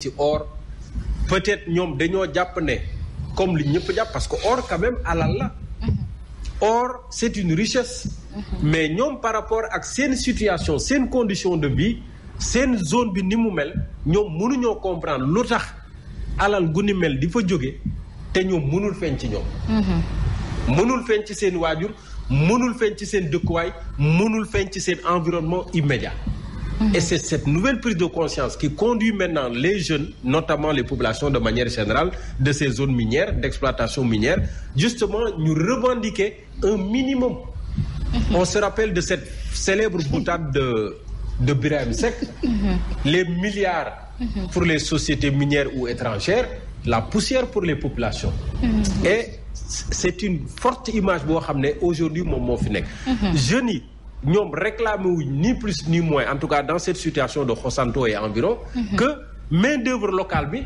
ci or peut-être ñoom dañoo jàpp ne comme li ñëpp jàpp parce que or quand même alal la or c'est une richesse mais ñoom par rapport ak seen situation seen condition de vie seen zone bi ni mu mel ñoom mënuñoo comprendre lu tax alal gu ni mel di fa jóge te ñoom mënul feeñ ci ñoom feeñ ci seen waajur mënul feeñ ci seen dëkkuwaay mënul feeñ ci seen environnement immédiat Mm-hmm. Et c'est cette nouvelle prise de conscience qui conduit maintenant les jeunes, notamment les populations de manière générale, de ces zones minières, d'exploitation minière, justement nous revendiquer un minimum. Mm-hmm. On se rappelle de cette célèbre boutade de, de Birahim Sek, mm-hmm. les milliards pour les sociétés minières ou étrangères, la poussière pour les populations. Et c'est une forte image boo xam ne aujourd'hui moom moo fi nekk. yi ñoom réclame wuñ ni plus ni moins en tout cas dans cette situation de Xosanto et environ mm -hmm. que main d'œuvre locale bi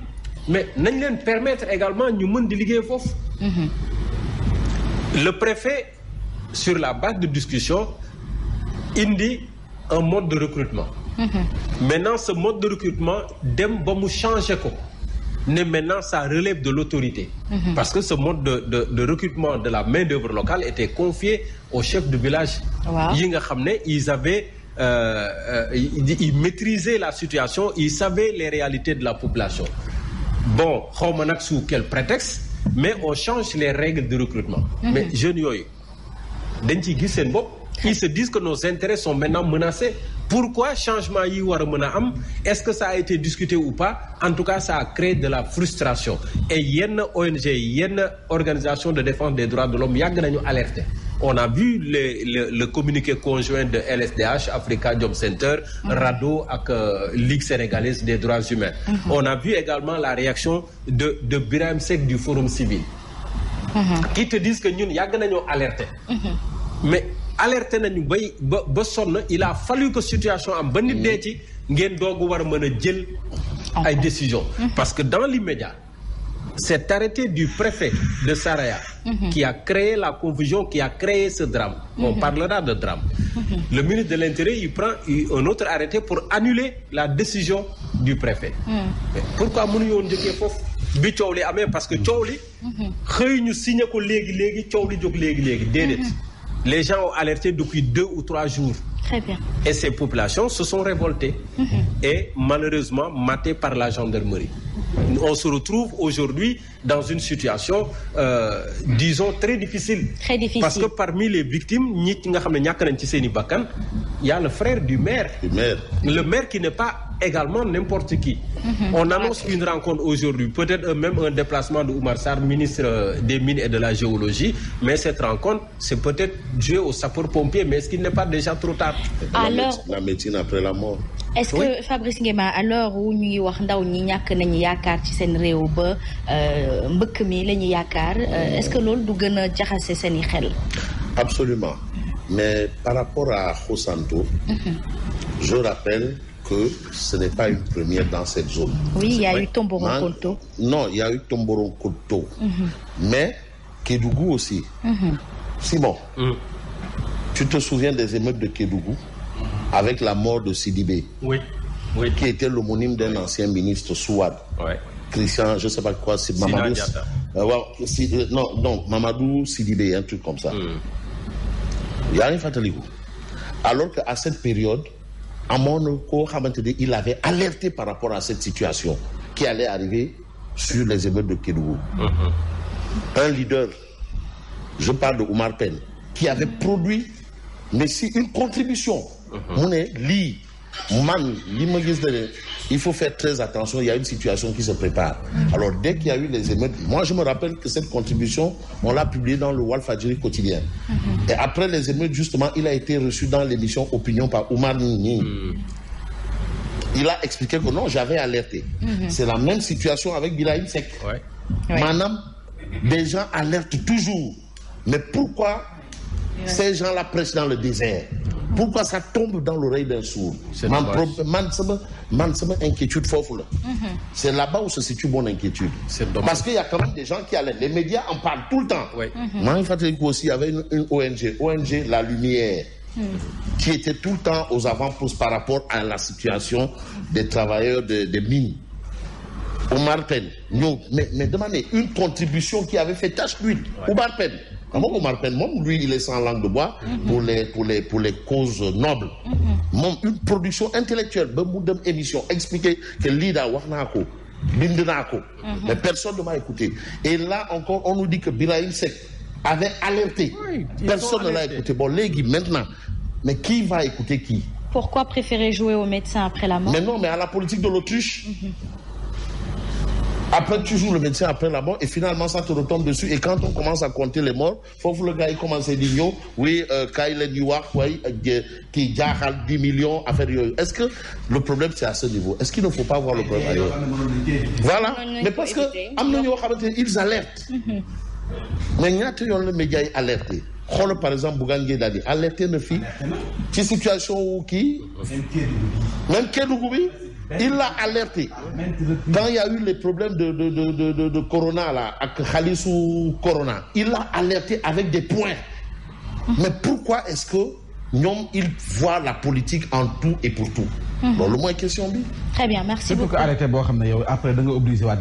mais nañ leen permettre également ñu mën di liggéey foofu mhm. le préfet sur la base de discussion indi un mode de recrutement mm -hmm. maintenant ce mode de recrutement dem ba mu changer ko ne maintenant ça relève de l'autorité. Mmh. Parce que ce mode de, de, de recrutement de la main-d'œuvre locale était confié aux chefs de village. Yi nga xam ne ils avaient euh, euh, ils, maîtrisaient la situation, ils savaient les réalités de la population. Bon, xaw ma nag sous quel prétexte, mais on change les règles de recrutement. Mhm. Mais jeunes yooyu dañ ci gis seen bopp. Ils se disent que nos intérêts sont maintenant menacés. pourquoi changement yi war a mën a am est-ce que ça a été discuté ou pas en tout cas ça a créé de la frustration et yenn ONG yenn organisation de défense des droits de l'homme yàgg nañu alerter on a vu le le le communiqué conjoint de LSDH Africa Job Center. Mm -hmm. RADDHO ak euh, Ligue sénégalaise des droits humains. Mm on a vu également la réaction de de Birahim Seck du Forum civil. Mhm. qui te disent que ñun yàgg nañoo alerter. Mhm. alerté nañu bay ba ba sonn il a fallu que situation am ba nit dee ci ngeen doogu war a mën a jël ay décision mmh. parce que dans l'immédiat cet arrêté du préfet de Saraya mmh. qui a créé la confusion qui a créé ce drame mmh. on parlera de drame le ministre de l'Intérieur il prend un autre arrêté pour annuler la décision du préfet pourquoi mënuñu woon njëkkee foofu bi coow li amee parce que coow li xëy ñu signé ko léegi léegi coow li jóg léegi léegi déedéet Les gens ont alerté depuis deux ou trois jours. Très bien. Et ces populations se sont révoltées mmh. et malheureusement matées par la gendarmerie. On se retrouve aujourd'hui dans une situation euh, très difficile. Parce que parmi les victimes ñi nga xam ne nañ ci seeni bakkan il a le frère Le maire. Le maire qui n'est pas également n'importe qui. Mm-hmm. On annonce une rencontre aujourd'hui, peut-être même un déplacement de Oumar Sarr, ministre euh, des Mines et de la Géologie, mais cette rencontre, c'est peut-être dû au sapeur-pompier, mais est-ce qu'il n'est pas déjà trop tard? xalaat. alors la médecine après la mort. est-ce que Fabrice Nguema à l'heure wu wax ndaw ñi ñàkk nañu yaakaar ci sen réew ba euh, mbëkk mi la ñu yaakaar euh, hmm. est-ce que loolu du gën a jaxase seen i xel. absolument mais par rapport à Khossanto. Mhm. je rappelle que ce n'est pas une première dans cette zone. oui il y a eu Tomboronkoto. non il y a eu Tomboronkoto. Mm -hmm. mais Kédougou aussi. Mm -hmm. Simon. Tu te souviens des émeutes de Kédougou avec la mort de Sidibé Oui. Oui. qui était l'homonyme d'un oui. ancien ministre Souad. Ouais. Christian, je ne sais pas quoi, c'est Mamadou. Euh, euh, non, donc Mamadou Sidibé, un truc comme ça. Mm. Yannick Fataligou. Alors qu'à cette période, à Monaco, il avait alerté par rapport à cette situation qui allait arriver sur les émeutes de Kédougou. Mm -hmm. Un leader, je parle de Oumar Pen, qui avait produit mais si une contribution. Uh-huh. mu ne lii man li ma gis ne il faut faire très attention il y a une situation qui se prépare. Uh-huh. alors dès qu'il y a eu les émeutes moi je me rappelle que cette contribution on l'a publiée dans le Walfadjri quotidien. Uh-huh. et après les émeutes justement il a été reçu dans l'émission Opinion par Oumar Nini. il a expliqué que non j'avais alerté. c'est la même situation avec Birahim Seck. maanaam des gens alertent toujours mais pourquoi. ces gens-là prêchent dans le désert. pourquoi ça tombe dans l'oreille d'un sourd man sama man sama inquiétude foofu la mhm. c'est là-bas où se situe mon inquiétude parce qu'il y a quand même des gens qui allaient les médias en parlent tout le temps maa ngi fàttaliku aussi mhm. tout le temps aux avant-postes par rapport à la situation des travailleurs de des mines Omar Pène ñëw mais demandez une contribution qui avait fait tache d'huile ouais. Omar xam nga Omar Pène moom lui il est sans langue de bois. Mhm. pour les pour les pour les causes nobles. Mhm. moom une production intellectuelle ba mu dem émission expliquer que lii daa wax naa ko bind naa ko. Mhm. mais personne ne m'a écouté et là encore on nous dit que Birahim Seck avait alerté. personne ne l'a écouté léegi maintenant mais qui va écouter qui. pourquoi préférer jouer au médecin après la mort. mais non mais à la politique de l'autruche. Après, tu joues le médecin après la mort et finalement, ça te retombe dessus. Et quand on commence à compter les morts, faut que le gars il commence à dire oui, euh, Kyle Newark, oui, euh, qui a 10 millions à faire. Est-ce que le problème c'est à ce niveau Est-ce qu'il ne faut pas voir le problème ailleurs Voilà. Mais parce que ils alertent. Mais il y a le média alerté. xoolal par exemple Bougane Gueye daal di alerté na fii ci situation wu kii même Kédougou bi Il l'a alerté. Quand il y a eu les problèmes de, de, de, de, Corona, là, avec Khalis ou Corona, il l'a alerté avec des points. Mais pourquoi est-ce que ñoom il voit la politique en tout et pour tout. Mhm. loolu mooy question bi. très bien merci beaucoup surtout boo xam ne yow après da nga obligé waat.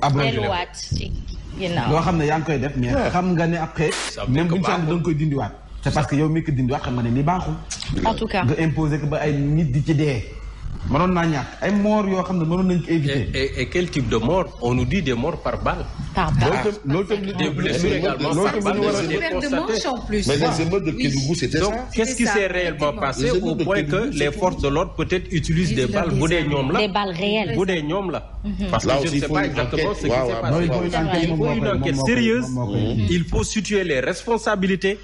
abrogé delluwaat ci ginnaaw. loo xam ne yaa ngi koy def mais xam nga ne après. même bu ñu koy dindiwaat. c'est parce que yow mi ko dindiwaat xam nga ne lii baaxul. en tout nga imposer ko ba ay nit di ci dee. mënoon naa ñàkk ay moor yoo xam ne mënoon nañ ko éviter. et et quel type de mort on nous dit des morts par balle. par balle loolu a. qu'est-ce qui s'est réellement passé au point que les forces de l'ordre peut-être utilisent des balles bu dee ñoom la. ñoom la. parce que je ne sais pas exactement ce qui s'est passé. il faut une enquête sérieuse. il faut situer les responsabilités.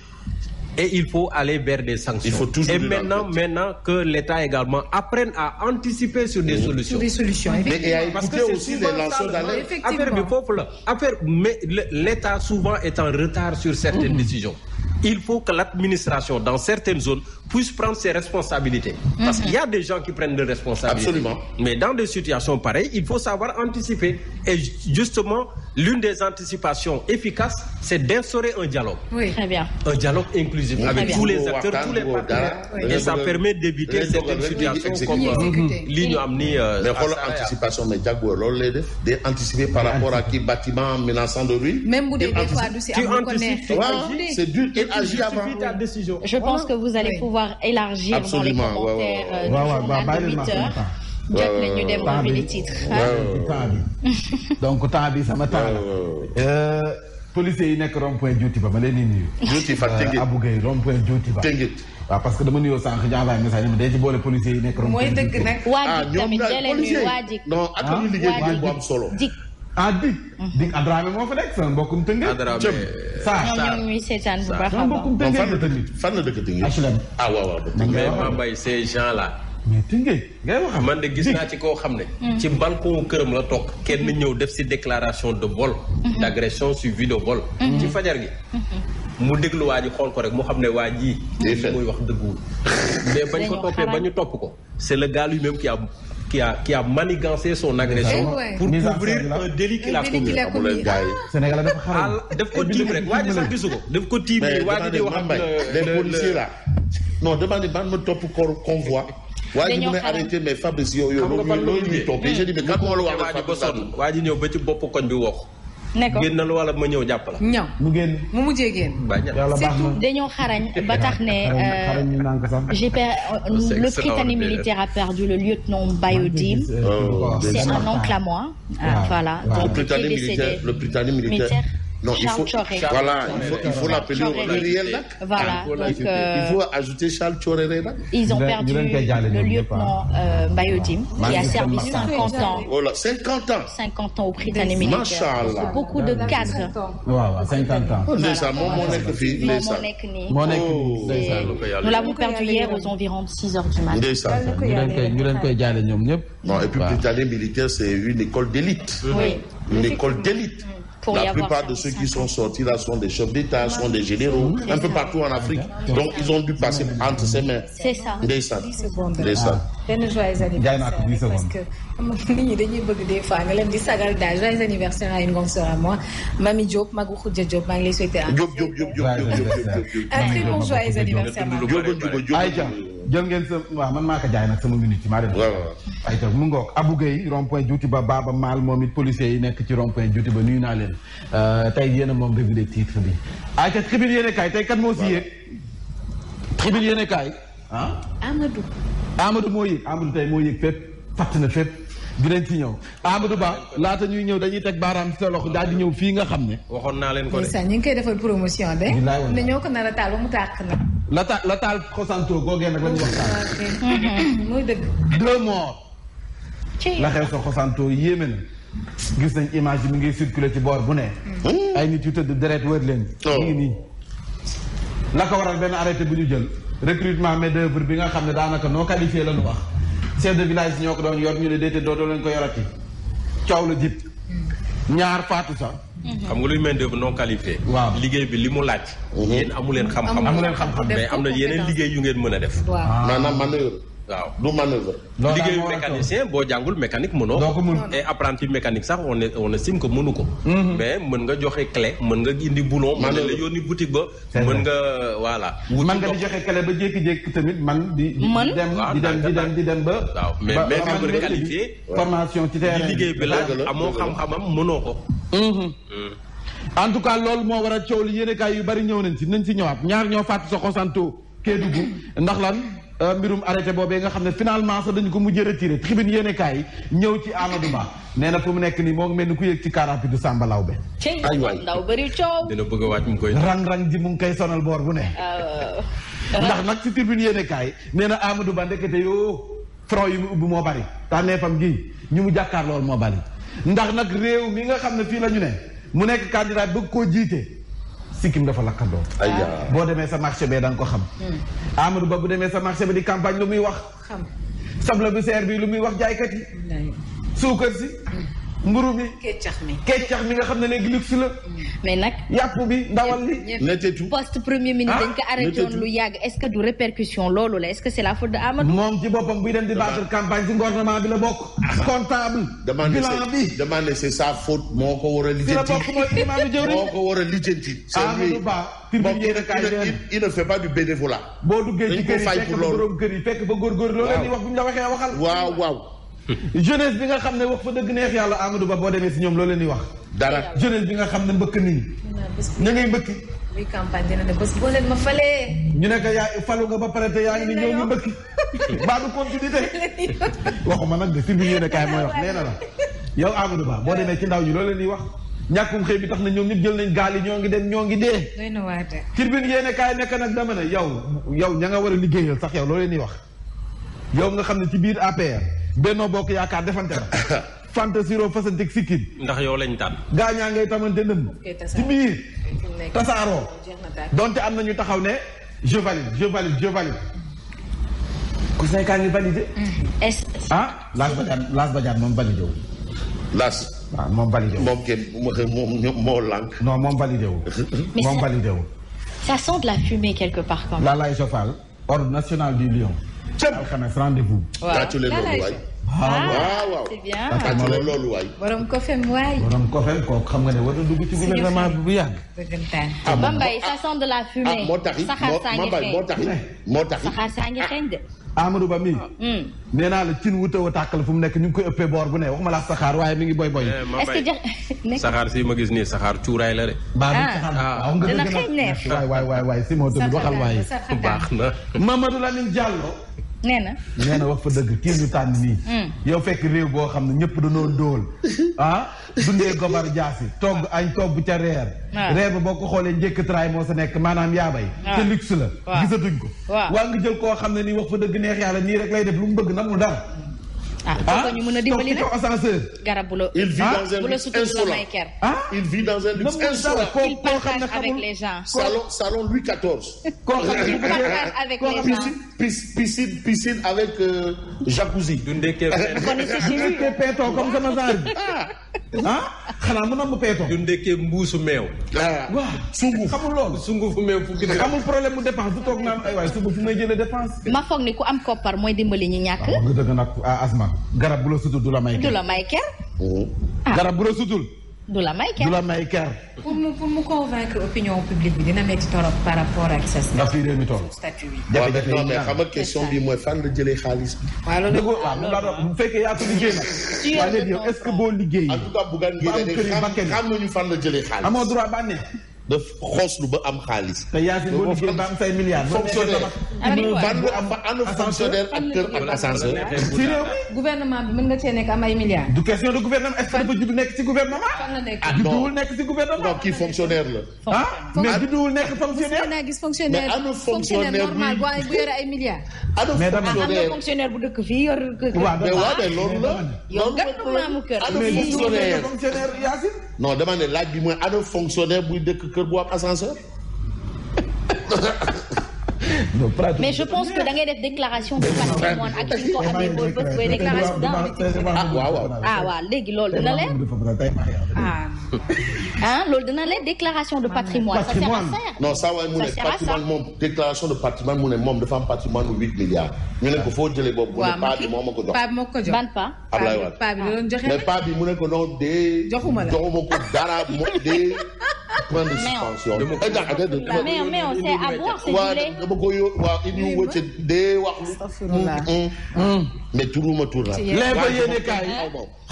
et il faut aller vers des sanctions. Il faut et maintenant, maintenant que l'État également apprenne à anticiper sur des solutions. effectivement. Parce que c'est aussi bi foofu la affaire mais l'État souvent est en retard sur certaines mm -hmm. décisions. Il faut que l'administration dans certaines zones puisse prendre ses responsabilités. Mm -hmm. Parce qu'il y a des gens qui prennent des responsabilités. Absolument. Mais dans des situations pareilles, il faut savoir anticiper. Et justement, l'une des anticipations efficaces, c'est d'instaurer un dialogue. Un dialogue inclusif oui, avec permet d'éviter certaines situations comme euh, l'Union amenée. Euh, mais anticipation, mais de anticiper par rapport à qui bâtiment menaçant de ruine. Même Je pense que vous allez pouvoir pouvoir élargir dans les commentaires euh, du journal de 8 heures jot nañu dem revue des titres temps bi donc temps bi sama temps la euh, policiers yi nekk rond point Dioutiba ma leen di nuyu Dioutiba euh, Abou Gueye rond point Dioutiba Tëngit waaw parce que dama nuyoo sànq ñaanal message yi ma day ci boole policiers yi nekk rond point Dioutiba mooy dëgg nag waa jik ah, tamit da leen nuyu waa jik non ak ah, ñu liggéey bu am solo jik ah mhm. dig. dig Adrame moo fa nekk sama mbokkum tëngee. Adrame saa saa ñoom ñuy seetaan bu baax a baax fan la tamit la dëkk tëngee. ah waaw waaw mais Bambaye ces man de gis naa ci koo xam ne. Mm. ci balcon këram la toog. kenn ñëw def si déclaration de vol. Mm-hmm. d' agression suivie de vol. Mm-hmm. ci fajar gi. Mm-hmm. mu déglu waa ji xool ko rek mu xam ne waa ji. muy wax dëgguwul mais bañ ko toppee ba ñu topp ko. c' est le gars lui même qui a qui a qui a manigancé son eh agression. pour couvrir un délit qu'il a ah, commis. Ah. Sénégal dafa xaral ah, daf eh, ko tiim rek waa ji sa gisu ko. daf ko tiim waa ji di wax ak les policiers là non demandez ma topp corps convoi. Eh, waa ji mu ne arrêté mais Fabrice yow yow loolu ñuy topp. je dis mais kan moo la wax ne Fabrice waa ji ñëw ba ci bopp koñ bi woo ne ko génnal wala ma ñëw jàpp la. ñëw mu mu mujjee génn. yàlla baax surtout dañoo xarañ ba tax ne. xarañ euh, ñu naan ko sax. j'ai le Prytanée militaire a perdu le lieutenant Bayodim. Oh, c'est un oncle à moi. voilà donc le Prytanée militaire Non, il faut, voilà, il faut, il faut l'appeler donc, euh, il faut ajouter Charles Choréré. Ils ont perdu le lieutenant euh, Bayodim, qui a servi 50 ans. 50 ans 50 ans au Britannique militaire. Beaucoup de cadres. ans. ndeysaan moom moo nous l'avons perdu hier aux de 6 heures du matin. ndeysaan ñu leen koy non et puis Britannique militaire c'est une école d'élite. une école d'élite. Pour la plupart de ceux qui sont sortis là sont des chefs d'État, sont des généraux, un peu partout en Afrique. Donc ils ont dû passer entre ses C'est ça. ndeysaan ah. ndeysaan. benn joyeux anniversaire parce que nit ñi dañuy bëgg des fois nga leen di sagal daal joyeux anniversaire à une grande sœur à moi Mami Diop Magu Khoudia Diop maa ngi lay souhaiter un très bon joyeux anniversaire. jël ngeen sa waaw man maa ko jaay nag sama minute yi maa dem. waaw waaw mu ngoog Abou Gueye rond point Juuti ba Baba Maal moom it policier yi nekk ci rond point Juuti ba nuyu naa leen euh, tey yéen moom revue de titre bi. ay ca tribune tey kat moo si yéeg. tribune yéen kaay ah. Amadou. Amadou moo yëg Amadou tey moo yëg fépp fàtt na fépp dinañ ci ñëw Amadou Ba laata ñuy ñëw dañuy teg baaraam ci sa loxo daal di ñëw fii nga xam ne. waxoon naa leen ko de. ñu ngi koy defal promotion de. dañoo ko nar a la taal la taal Khossanto googee nag la ñu waxtaan. deux morts. la xew sa Khossanto yéeme na. gis nañ image yi mu ngi circulé ci boor bu ne. Hmm. ay nit yu tëdd deret wër leen. ñu oh. ngi nii. la ko waral benn arrêté bu ñu jël recrutement main bi nga xam ne daanaka noo qualifié la ñu wax. chef de village ñoo ko doon yor ñu ne déedéet doo doo leen ko yorati. coow la jib hmm. ñaar faatu sax. Mhm. xam nga luy main d'œuvre non qualifiée. liggéey bi li mu laaj. Mhm. yéen amu leen xam-xam. amu leen xam-xam mais am na yeneen liggéey yu ngeen mën a def. maanaam man waaw du manœuvre. liggéeyu mécanicien boo jàngul mécanique mënoo. doo ko mën et apprenti mécanique sax on est on estime que mënu ko. Mhm. mais mën nga joxe clé mën nga indi boulon. mën na la yónni boutique ba. mën nga voilà. mën nga di joxe ba jékki-jékki tamit man. di di dem di dem di di dem ba. waaw mais manœuvre qualifié. formation ci terrain liggéey bi laaj amoo xam-xamam mënoo ko. Mhm. Hmm. en tout cas loolu moo war a coow li yéenekaay yu bari ñëw nañ si nañ ci ñëwaat ñaar ñoo fàtt sa xosanto Kédougou ndax lan Euh, mbirum arrêté boobee nga xam ne finalement sax dañu ko mu mujjee retiré tribune yéene kaay ñëw ci Amadou Ba nee na fu mu nekk nii moom ngi mel ni ku yëg ci car rapide du Samba Lawbe. aywaay ndaw a wàcc mu koy. rang-rang ji mu ngi koy sonal boor bu ne. Ah, ndax nag ci tribune yéene kaay nee na Amadou Ba ndekete yoo front yi mu ubbi moo bari. fam gi ñu mu jàkkaar lool moo bari ndax nag réew mi nga xam ne fii la ñu ne mu nekk candidat bëgg koo jiite. sikkim dafa lakkandoo boo demee sa marché bee da nga ko xam hmm. Amadou Ba bu demee sa marché bi di campagne lu muy wax soble bu seer bi lu muy wax jaaykat yi suukar si hmm. mburu mi keccax mi keccax mi nga xam ne léegi luxe la. mais nag yàpp bi ndawal li. nettetu poste premier ministre dañ ah, ko arrêté woon lu yàgg est-ce que du répercussion loolu la est-ce que c'est la faute de Amadou. moom ci boppam buy dem di battre campagne ci gouvernement bi la bokk. Ah. comptable. demande c'est sa faute moo ko war a lijjanti. la bokk mooy imaamu jëwriñ moo ko a lijjanti. Amadou Ba il ne fait pas du bénévolat. boo duggee ci kër yi fekk ba góorgóorlu loolu leen di wax bu ñu la waxee waxal. jeunesse bi nga xam ne wax fa dëgg neex yàlla Amadou Ba boo demee si ñoom loolu leen di wax. dara jeunesse bi nga xam ne mbëkk nit ñi. ña ngay mbëkki. ñu ne ko yaa falu nga ba pare te yaa ngi ni ñëw ñu mbëkki. du continuité. waxuma nag de si biir yéen mooy wax nee na la yow Amadou boo demee ci ndaw ñi loolu leen di wax. ñàkkum xëy bi tax na ñoom ñëpp jël nañ gaal yi ñoo ngi dem ñoo ngi dee. doy na waate. tribune yéen kaay nag dama ne yow yow ña nga war a liggéeyal sax yow loolu leen di wax yow nga xam ne ci biir APR Benno Bokk Yaakaar defante na. fanta siro fasantik sikkin ndax yow lañ tànn. gaañaa ngay tamante nëmm. ci biir tasaaroo. donte am na ñu taxaw ne je valide je valide je valide. ku say kaa ngi validé. Mm. est ah, Laas Badiane Laas Badiane moom validé wu. Laas. waaw ah, moom validé wu moom kenn moom moo lànk. non moom validé wu. moom validé wu. ça sent de la fumée quelque part quand même. Lalaye Sofal ordre national du lion. cëm alxames rendez-vous. Ah, ah, waaw waaw c'est bien tàccule loolu waay. borom kofem waay. borom kofem kooku xam nga ne war na dugg ci gouvernement bi bu yàgg. dëggantaan ah Bambay ça sent de la fumée. Ah, moo tax it moo tax it moo tax it saxaar saa ngi xeeñ de. Amadou Ba mii. Hmm. nee naa la cin wutaw a tàkkal fu mu nekk ñu ngi koy ëppee boor bu ne waxuma la saxaar waaye mi ngi boy boy. Eh, est-ce que jax saxaar si ma gis nii saxaar cuuraay la de. baa bi saxaar waaw nga dëgg na waay waay waay waay si moo tamit waxal waay. baax na Mamadou Lamine Diallo. nee na nee na wax fa dëgg kii ñu tànn nii. Hmm. yow fekk réew boo xam ne ñëpp dañoo dóol ah dundee gobar jaasi togg añ togg ca reer. Ah. reer ba boo ko xoolee njëkk traay moo sa nekk maanaam yaabay. te ah. luxe la. gisatuñ ko. waa nga jël koo xam ne nii wax fa dëgg neex yàlla nii rek lay def lu mu bëgg mu dara. ah ñu mën a dimbali nag garab bu la. il vit ah. dans un luxe insolent ah. il vit dans un luxe insolent. il partage avec les gens. salon salon Louis XIV. il partage avec les gens. piscine piscine piscine avec euh, jacuzzi. dundee kee comme sama genre ah. ah xanaa mën na mu peetoo. dundee kee mbuusu meew. waaw sunguf xamul loolu. sungufu meew fukki dërëm xamul problème mu dépense bu toog naan ay waay suba jëlee dépense. ma foog ni ku am koppar mooy dimbali ñi ñàkk. waaw nga dëgg asma. garab bu la sutul du la may ker. Mhm. Ah. garab bu la sutul. du la may ker du la may ker. pour mu pour mu convaincre opinion publique dina métti torop par rapport ak sa. ndax fii réew mi toll. statut bi jafe-jafe yi fan la jëlee xaalis bi. waaw loolu la bu fekkee yaa ko liggéey nag. est-ce que boo liggéey. en tout cas bu gan gi xam nañu fan la jëlee xaalis. amoo droit bànneex. daf xoslu ba am xaalis. te yaa boo liggéey ba am say milliards. fonctionnaire ban bu ak kër ak ascenseur. ci réew mi gouvernement bi mën nga cee nekk du question de gouvernement est que dafa judd nekk ci gouvernement. fan la nekk ah non judduwul nekk ci gouvernement. non kii fonctionnaire la. ah mais judduwul fonctionnaire. fonctionnaire gis fonctionnaire fonctionnaire normal bu yore ay milliards. mais dama ah, am fonctionnaire bu dëkk fii yor kër. waaw waaw mais loolu la. yow gàttu maamu kër. ana fonctionnaire non dama ne laaj bi mooy ana fonctionnaire buy dëkk kër bu am ascenseur. mais je pense que da ngay def déclaration de patrimoine ak ki ko amee booy bët booy déclaration ah waaw waaw ah waaw léegi loolu dina leer ah loolu dina leer déclaration de patrimoine ça sert à faire non saa waay mu ne patrimoine moom déclaration de patrimoine mu ne moom dafa am patrimoine bu huit milliards ñu ne ko foo jëlee boobu mu ne paa bi moo ma ko jox paa bi moo ko jox ban paa Ablaye Wade paa bi doon joxe mais paa bi mu ne ko non dee joxuma la joxuma ko dara mo dee Eh, point de suspension. mais on sait avoir ce gilet. dama ko yo waaw ñu wëcce dee wax. mais turuma tur ba yéene kaay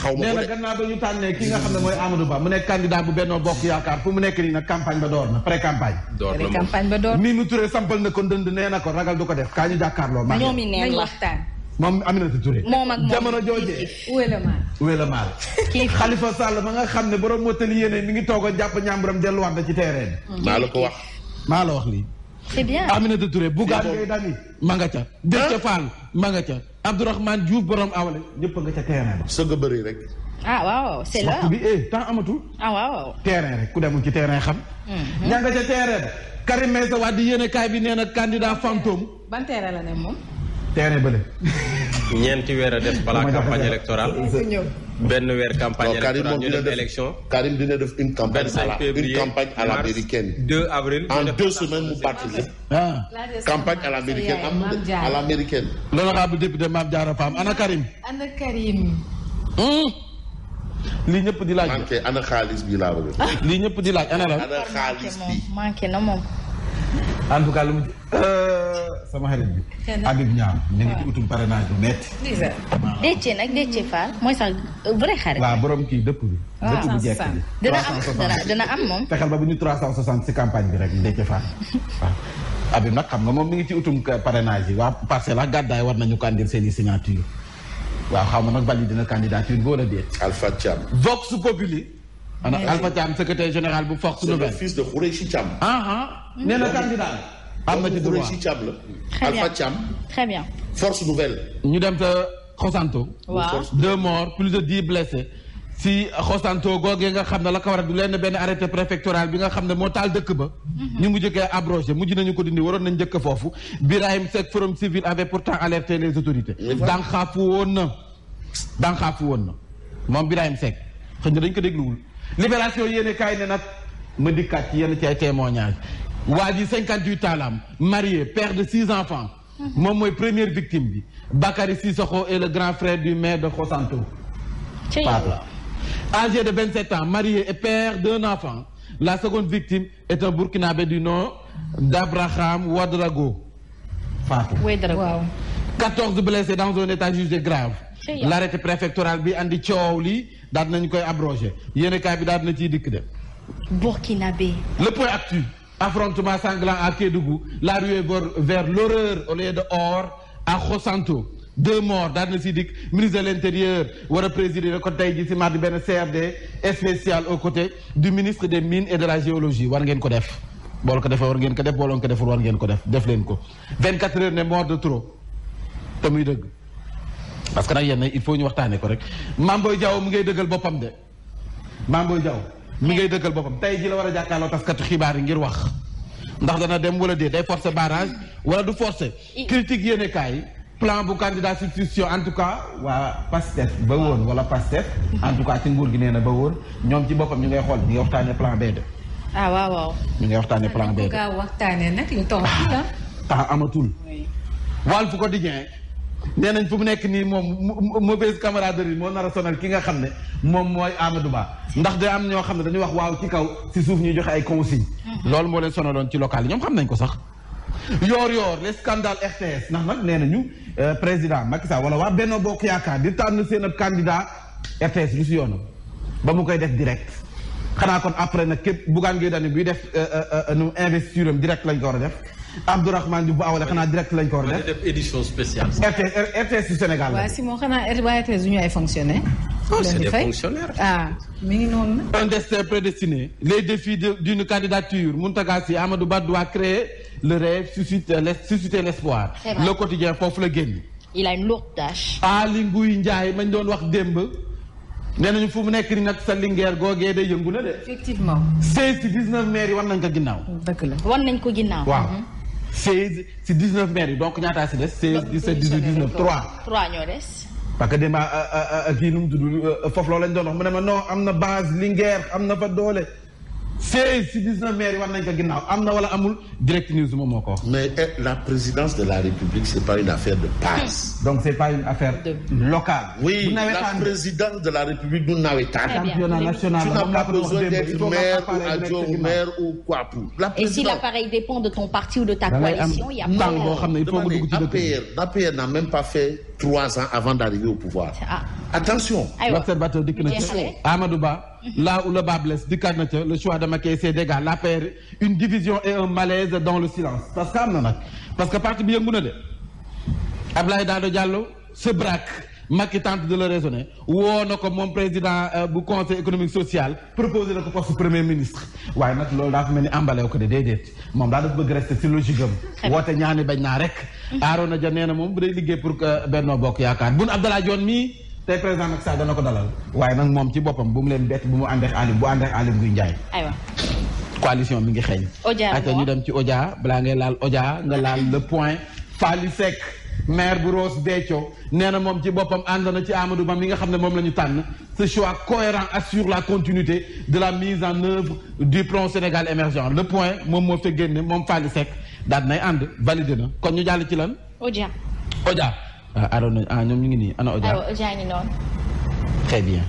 xaw ma ko de gannaaw ba ñu tànnee ki nga xam mooy Amadou Ba mu nekk candidat bu Benno Bokk Yaakaar fu mu nekk nii nag campagne ba door na pré campagne. door na moom pré campagne ba door. Mimi Touré na ko ndënd nee na ko ragal du ko def kaa ñu jàkkaarloo. maa ngi waxtaan. moom Aminata Touré. moom jamono joojee. wéla maal wéla maal. kii Khalifa Sall ma nga xam ne borom mottali yéene mi ngi toog a jàpp ñàmburam delluwaat na ci terrain bi. Mm. maa la ko wax. maa la wax lii. c'est bien Aminata Touré. Bougane Gueye Dany ma nga ca. Déthié Fall ma nga ca. Abdourahmane Diouf borom awale ñëpp nga ca terrain ba. sëgg bëri rek. ah waaw c'est là waxtu bi eh temps amatul. ah rek ku demul ci terrain xam. Mm-hmm. ña nga ca terrain ba. Karim Meïssa Wade yéene kaay bi nee na candidat fantôme. ban terrain la ne moom. terrain bële. ñeenti weer a des balaa campagne électorale. benn weer campagne électorale ñu def élection. Karim dina def une campagne à la une campagne à l'américaine. 2 avril en deux semaines mu parti ah. campagne à l'américaine am na à l'américaine. l'honorable député Mame Diarra Fam ana Karim. ana Karim. Hmm? lii ñëpp di laaj. manqué ana xaalis bi laa bëgg. lii ñëpp di laaj ana la. ana xaalis bi manqué na moom. en tout cas lu mu euh, sama xarit bi. Habib Niang ñu ngi ci utum parrainage bu métti. décce nag décce Fall mooy sax vrai xarit. waaw borom kii dëpp bi. dëpp bu jekk bi dina am dina am moom. fexeel ba bu ñu 360 si campagne bi rek décce Fall waaw. nag xam nga moom mi ngi ci utum parenage yi waa parcelle ak gàddaay war nañu ko andil seen i signature waaw xaw ma nag yi dina candidature boo la déet. Alpha Thiam Vox Populi. ana Alpha Thiam secretaire général bu Force Nouvelle. c'est le fils am ah, ah. na ci droit Khoureyssi Thiam la. Alpha Thiam. très bien Force Nouvelle. ñu dem sa Xosanto. waaw deux morts plus de dix blessés. si xosanto googee nga xam na la ko war a du lenn benn arrêté préfectoral bi nga xam ne moo taal dëkk ba mhm. ñu mu jëkkee abrogé mujj nañu ko dindi waroon nañ njëkk foofu Birahim Seck Forum Civil avait pourtant alerté les autorités danga xaafu woon na danga xaafu woon na moom Birahim Seck xëy na dañ ko dégluwul libération yéene kaay ne nag ma dikkaat ci yenn témoignage waa ji cinquante marié père de six enfants moom mooy première victime bi Bakary Sissoko est le grand frère du maire de Khossanto Pabla de vingt sept ans marié et père d'un enfant la seconde victime est un Burkinabé du nom d'Abraham Ouedraogo quatorze blessés dans un état jugé grave l'arrêté préfectoral bi andi coow lii daal nañu koy abrogé yéenekaay bi daal dina ciy dikk de. Burkinabé. le point actu affrontement sanglant à gu la ruée vers l'horreur au lieu de or à Khossanto deux morts daal na si dikk ministre de l'intérieur war a présider ko tey ji si mardi benn CRD spécial aux côtés du ministre des mines et de la géologie war ngeen ko def bool ko defee war ngeen ko def booloon ko deful war ngeen ko def def leen ko 24 heures ne mort de trop te muy dëgg parce que nag yenn il faut ñu waxtaanee ko rek Mame Boye Diao mi ngay dëggal boppam de Mame Boye Diao mi ngay dëggal boppam tey ji la war a jàkkaarloo taskatu xibaar yi ngir wax ndax dana dem wala dee day forcer barrage wala du forcer. critique yéene kaay plan bu candidat substitution en tout cas waa PASTEF ba woon wala PASTEF. en tout cas ci nguur gi nee na ba woon ñoom ci boppam ñu ngay xool ñu ngi waxtaanee plan B de. ah waaw waaw. ñu ngay waxtaanee plan B de. waxtaanee nag lu tax ah. ah, amatul. Walf nee nañ fu mu nekk nii moom mauvaise camaraderie moo nara a sonal ki nga xam ne moom mooy Amadou Ba ndax day am ñoo xam ne dañuy wax waaw ci kaw si suuf ñuy joxe ay consignes. Mm-hmm. loolu moo leen sonaloon ci local yi ñoom xam nañ ko sax. yoor yoor les scandales RTS ndax nag nee nañu euh, président Macky Sall wala waa Benno Bokk Yaakaar di tànn seen ab candidat RTS lu si yoonam ba mu koy def direct. xanaa kon après nag képp bugaan ngay daan buy def euh, euh, nu investiture am direct lañ ko war a def. Abdourahmane Diouf bu awale xanaa direct lañ ko war a def édition spéciale. RTS RTS du Sénégal la. si moo xanaa waa RTS du ñu ay fonctionnaires. non c'est des ah, mi ngi noonu la. un destin prédestiné les défis d'une candidature Mountaga Sy Amadou Ba doit créer le rêve susciter susciter l'espoir. le quotidien foofu la génn. il a une lourde tâche. Aly Ngouille Ndiaye mañ doon wax démb. nee nañu fu mu nekk ni nag sa lingeer googee day yëngu na de. effectivement. seize dix neuf maires yi nañ ko ginnaaw. dëgg la nañ ko ginnaaw. waaw. Mhm. 16 si 19 maires yi donc ñaataa si des. 16 17 18 19 3. 3 ñoo des. parce que dema euh, euh, euh, kii nu mu tudd foofu loolu lañ doon wax mu ne ma non am na base Linguère am na fa doole. seize si dix-neuf maires yi am na wala amul direct news moom moo eh, la présidence de la république c'est pas une affaire de passe. donc c'est pas une affaire locale. oui la présidence de la république du nawetaan. championnat national tu n'as pas besoin d'être maire ou adjoint au maire la présidence dépend de ton parti ou de ta coalition. y a pas n'a pas fait. trois ans avant d'arriver au pouvoir. Ah. attention. l'observateur dikk na ca Amadou Ba. là où le bas blesse dikkaat na ca le choix de Macky ses dégâts la paire une division et un malaise dans le silence parce que am na nag parce que parti bi yëngu na de Abdoulaye Daouda Diallo se braque. Macky tente de le raisonner woo na ko moom président euh, bu conseil économique social proposé na ko poste premier ministre waaye nag loolu daa fa mel ni ambalew ko de déedéet moom daa daf bëgg rester ci logique am woote naa rek Arouna Dia nee na moom bu day liggéey pour que Benno Bokk Yaakaar Boun Abdallah Dionne mii tey président Macky Sall dana ko dalal waaye nag moom ci boppam bu mu leen bett bu mu ànd ak Alim bu ànd ak Alim Guy Ndiaye. coalition mi ngi xeeñ. Oja ñu dem ci Oja balaa ngay laal ojaa nga laal le point Fally Seck. maire bu Ross Béthio nee na moom ci boppam ànd na ci Amadou Ba mi nga xam ne moom la ñu tànn ce choix cohérent assure la continuité de la mise en œuvre du plan Sénégal émergent le point moom moo fa génne moom Fally Seck daal nay ànd validé na kon ñu jàll ci lan. Odia. Odia ah Arona ah ñu ngi nii ana Odia. alors Odia ngi noonu. très bien.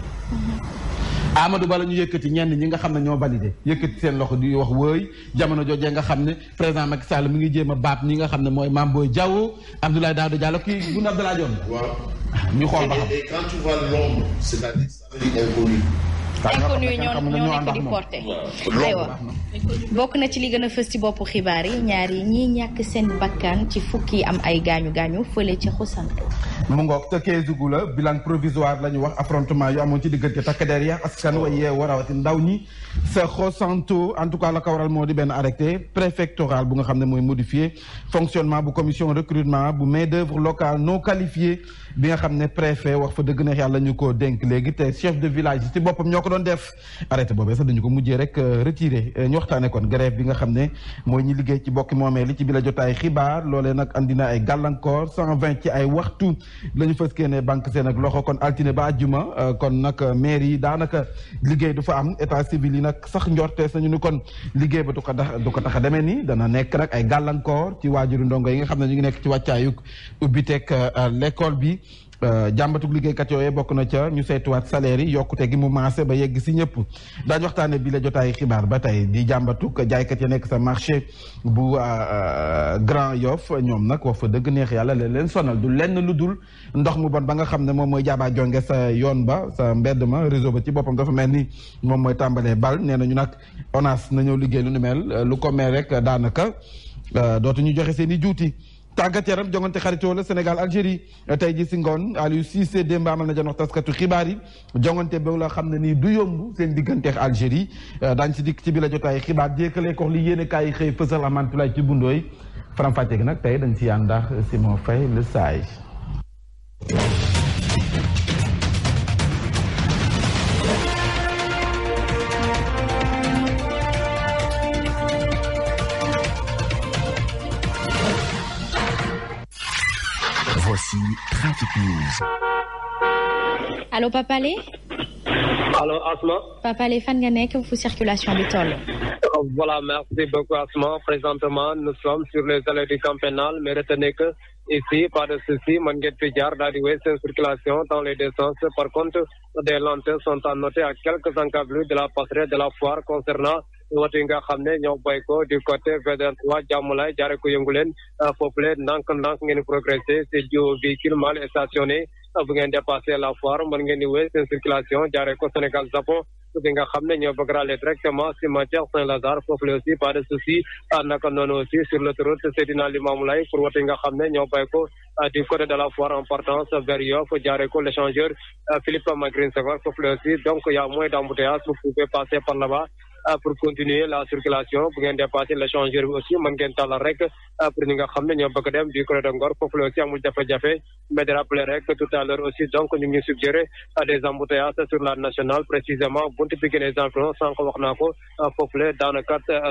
Amadou Ba la ñu yëkkati ñenn ñi nga xam ne ñoo validé yëkkati seen loxo di wax wëy jamono joojee nga xam ne président Macky Sall mi ngi jéem a baat ñi nga xam ne mooy Mame Boye Diao Abdoulaye Daouda Diallo kii bu Abdoulaye Dione. waaw ah, ñu xool ba xam. et quand tu vois l'ombre, c'est la disparité involue. inconnu ñoo ñoo nekk di porté aywa bokk na ci li gën a fës ci boppu xibaar yi ñaar yi ñiy ñàkk seen bakkan ci fukki am ay gaañu gaañu fële ca xusanto mu ngoog ca Kédougou la bilan provisoire la ñu wax affrontement yu amoon ci diggante takk der ya askan wa yeewoo rawati ndaw ñi sa xosanto en tout cas la ko waral moo di benn arrêté préfectoral bu nga xam ne mooy modifié fonctionnement bu commission recrutement bu main d'œuvre locale non qualifiée bi nga xam ne dëgg neex yàlla ñu ko dénk léegi te de village doon def arrêté boobee sax dañu ko mujjee rek euh, retiré euh, ñu waxtaane kon grève bi nga xam ne mooy ñi liggéey ci bokki moomee li ci bi la jotaay xibaar loole nag andi na ay gàllankoor cent vingt ci ay waxtu la ñu fës ne banque seen ak loxo kon altine ba àjjuma euh, kon nag maire yi daanaka liggéey du am état civil yi nag sax njortees nañu ni kon liggéey ba ko tax du ko tax a demee nekk nag ay gàllankoor ci waajuru ndongo yi nga xam ne ñu ngi nekk ci wàccaayug ubbi teg l'école bi Euh, jàmbatug liggéeykat yooyee bokk na ca ñu saytuwaat salaire yi yokkute gi mu maase ba yegg si ñëpp daañu waxtaane bii la jotaay xibaar ba tey di jàmbatug jaaykat ya nekk sa marché bu euh, euh, Grand Yoff ñoom nag wax fa dëgg neex yàlla leen leen sonal du lenn lu dul ndox mu bon ba nga xam ne moom mooy jaabaa jonge sa yoon ba sa mbedd ma réseau ba ci boppam dafa mel ni moom mooy tàmbalee bal nee nañu nag ONAS na ñëw liggéey lu nu mel lu ko mel rek daanaka dootu joxe seen i juuti tàggat yaram jongante xaritoo la Sénégal Algérie tey ji si ngoon Aliou Cissé démb amal na janox taskatu xibaar yi jongante boobu la xam ne nii du yomb seen digganteex Algérie euh, daañ si dikk ci bi la jotaay xibaar jékkale ko li yéene kaay xëy fësal amaan tulaay ci bundooy faram fàcce gi nag tey dañ si ànd ak Simon Faye le sage Trafic News. allo Papa Alé. allo Asma. Papa Alé toll. Euh, merci beaucoup présentement nous sommes sur les allées du camp pénal mais retenez que ici pas de souci mën ngeen fi jaar daal di wéy seen circulation dans les deux sens par contre des lenteurs sont à noter à quelques encablures de la passerelle de la foire concernant. woto yi nga xam ne ñoo bay ko du côté VDN3 jàmmalaay jaare ko yëngu leen euh, foofu leen ndànk-ndànk ngeen progressé c'est du véhicule mal stationné euh, bu ngeen dépassé la foire mën ngeen di wéy circulation jaare ko Sénégal Japon bi nga xam ne ñoo bëgg rale directement cimetière Saint-Lazare foofu la aussi pas de souci euh, naka noonu aussi sur l'autoroute Seydina Limamou Laye pour woto yi nga xam ne ñoo bay ko du côté de la foire en partance vers jaare ko l'échangeur Philippe Maguilène Senghor foofu la aussi donc y moins d'embouteillage Euh, pour continuer la circulation bu ngeen dépassé l'échangeur bi aussi mën ngeen tàllal rek euh, pour ñi nga xam ne ñoo bëgg dem du Ngor foofu la aussi amul jafe-jafe mais rek tout à l'heure aussi donc ñu ngi suggéré euh, des embouteillages sur la nationale précisément buntu bi gën a environ sànq wax naa ko foofu la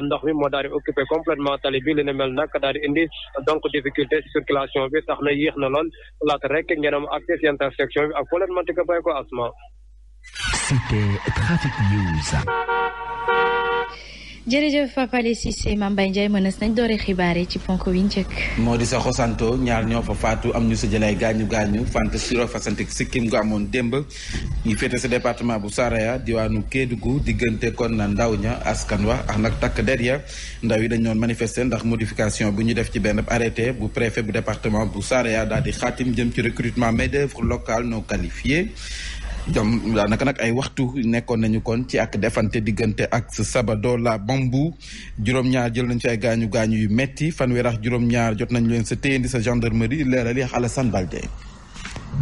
ndox mi moo daal di occupé complètement tali bi li ne mel nag daal indi donc difficulté circulation bi tax na yéex na lool laata rek ngeen am accès si C'était Traffic News. jërëjëf Fapal Cissé Mame Mbaye Ndiaye mënees nañ doore xibaare ci ponk wi njëkk moo di sa xosanto ñaar ñoo fa faatu am ñu sa jëlay gaañu gaañu fante suro fasantik sikkim gu amoon démb ñu féete sa département bu Saraya diwaanu gu diggante kon na ndaw ña askan wa ak nag takk der ya ndaw yi dañ doon manifester ndax modification bu ñu def ci benn arrêté bu préfet bu département bu Saraya daal di xaatim jëm ci recrutement main d'œuvre locale non qualifiée jom daanaka nag ay waxtu nekkoon nañu kon ci ak defante diggante ak sa Sabadola Bambou juróom-ñaar jël nañu ci gaañu gaañu yu metti fanweer ak juróom-ñaar jot nañu leen sa téyendi sa gendarmerie leeral yi ak Alassane Baldé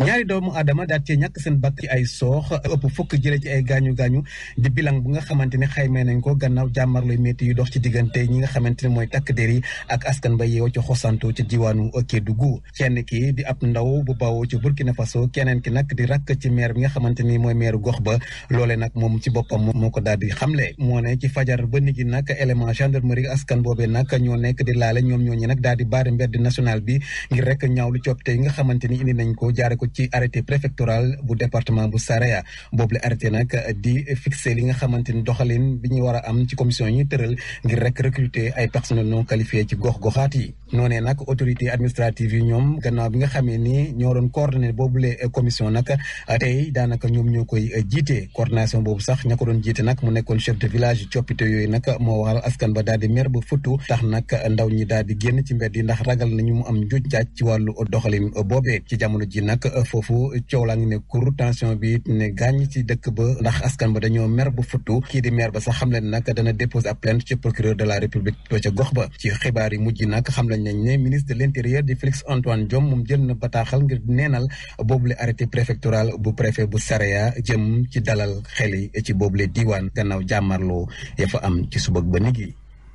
ñaari doomu aadama daal cee ñàkk seen bakk ci ay soox ëpp fukk jëlee ci ay gaañu gaañu di bilang bu nga xamante ne xaymee nañ ko gannaaw jàmmarlooy métti yu dox ci diggante ñi nga xamante ne mooy takk der yi ak askan ba yeewoo ci xosanto ci diwaanu Kédougou kenn ki di ab ndaw bu bawoo ci Burkina Faso keneen ki nag di rakk ci maire bi nga xamante ni mooy maire gox ba loole nag moom ci boppam moo ko daal di xamle moo ne ci fajar ba nigi nag élément gendarmerie askan boobee nag ñoo nekk di laale ñoom ñoo ñi nag daal di baari mbedd national bi ngir rek ñaaw lu coppite yi nga xamante ni indi nañ ko jaare ko ci arrêté préfectoral bu département bu Saraya boobu la arrêté nag di fixé li nga xamante ni doxalin bi ñu war a am ci commission yi tëral ngir rek recruter ay personnel non qualifié ci gox goxaat yi. noonee nag autorité administrative yi ñoom gannaaw bi nga xamee ni ñoo doon coordonné boobule eh, commission nag eh, tey daanaka ñoom ñoo koy eh, jiite coordination boobu sax ña ko doon jiite nag mu nekkoon chef de village coppite yooyu nag mo waral askan ba daal di mer ba futtu tax nag ndaw ñi daal di génn ci mbedd yi ndax ragal nañu mu am njuuj njaaj ci wàllu doxalin boobee ci jamono ji nag foofu coow laa ne kur tension bi ne gàññ ci dëkk ba ndax askan ba dañoo mer ba futtu kii di mer ba sax xam leen nag dana déposer ab plainte ci procureur la république ca gox ba ci xibaar yi nag xam leen nañ ne ministre de l'intérieur di Félix Antoine Diome moom jël na bataaxal ngir neenal boobule arrêté préfectoral bu préfet bu Saraya jëm ci dalal xel yi ci boobule diiwaan gannaaw jàmmarloo ya fa am ci subag ba nigi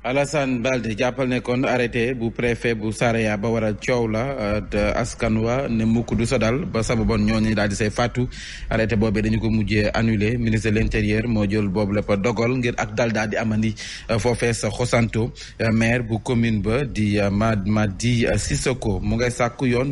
Alassane Balde jàppal ne kon arrêté bu préfet bu Saraya ba waral coow la te euh, askan wa ne mukk du sa dal ba sababoon ñooñu daal di say fàttu arrêté boobee dañu ko mujjee annulé ministre de l'intérieur moo jël boobu a dogal ngir ak dal daal di amandi euh, foofee sa xosanto euh, maire bu commune ba di ma Mamadi Sissoko mu ngay sàkku yoon.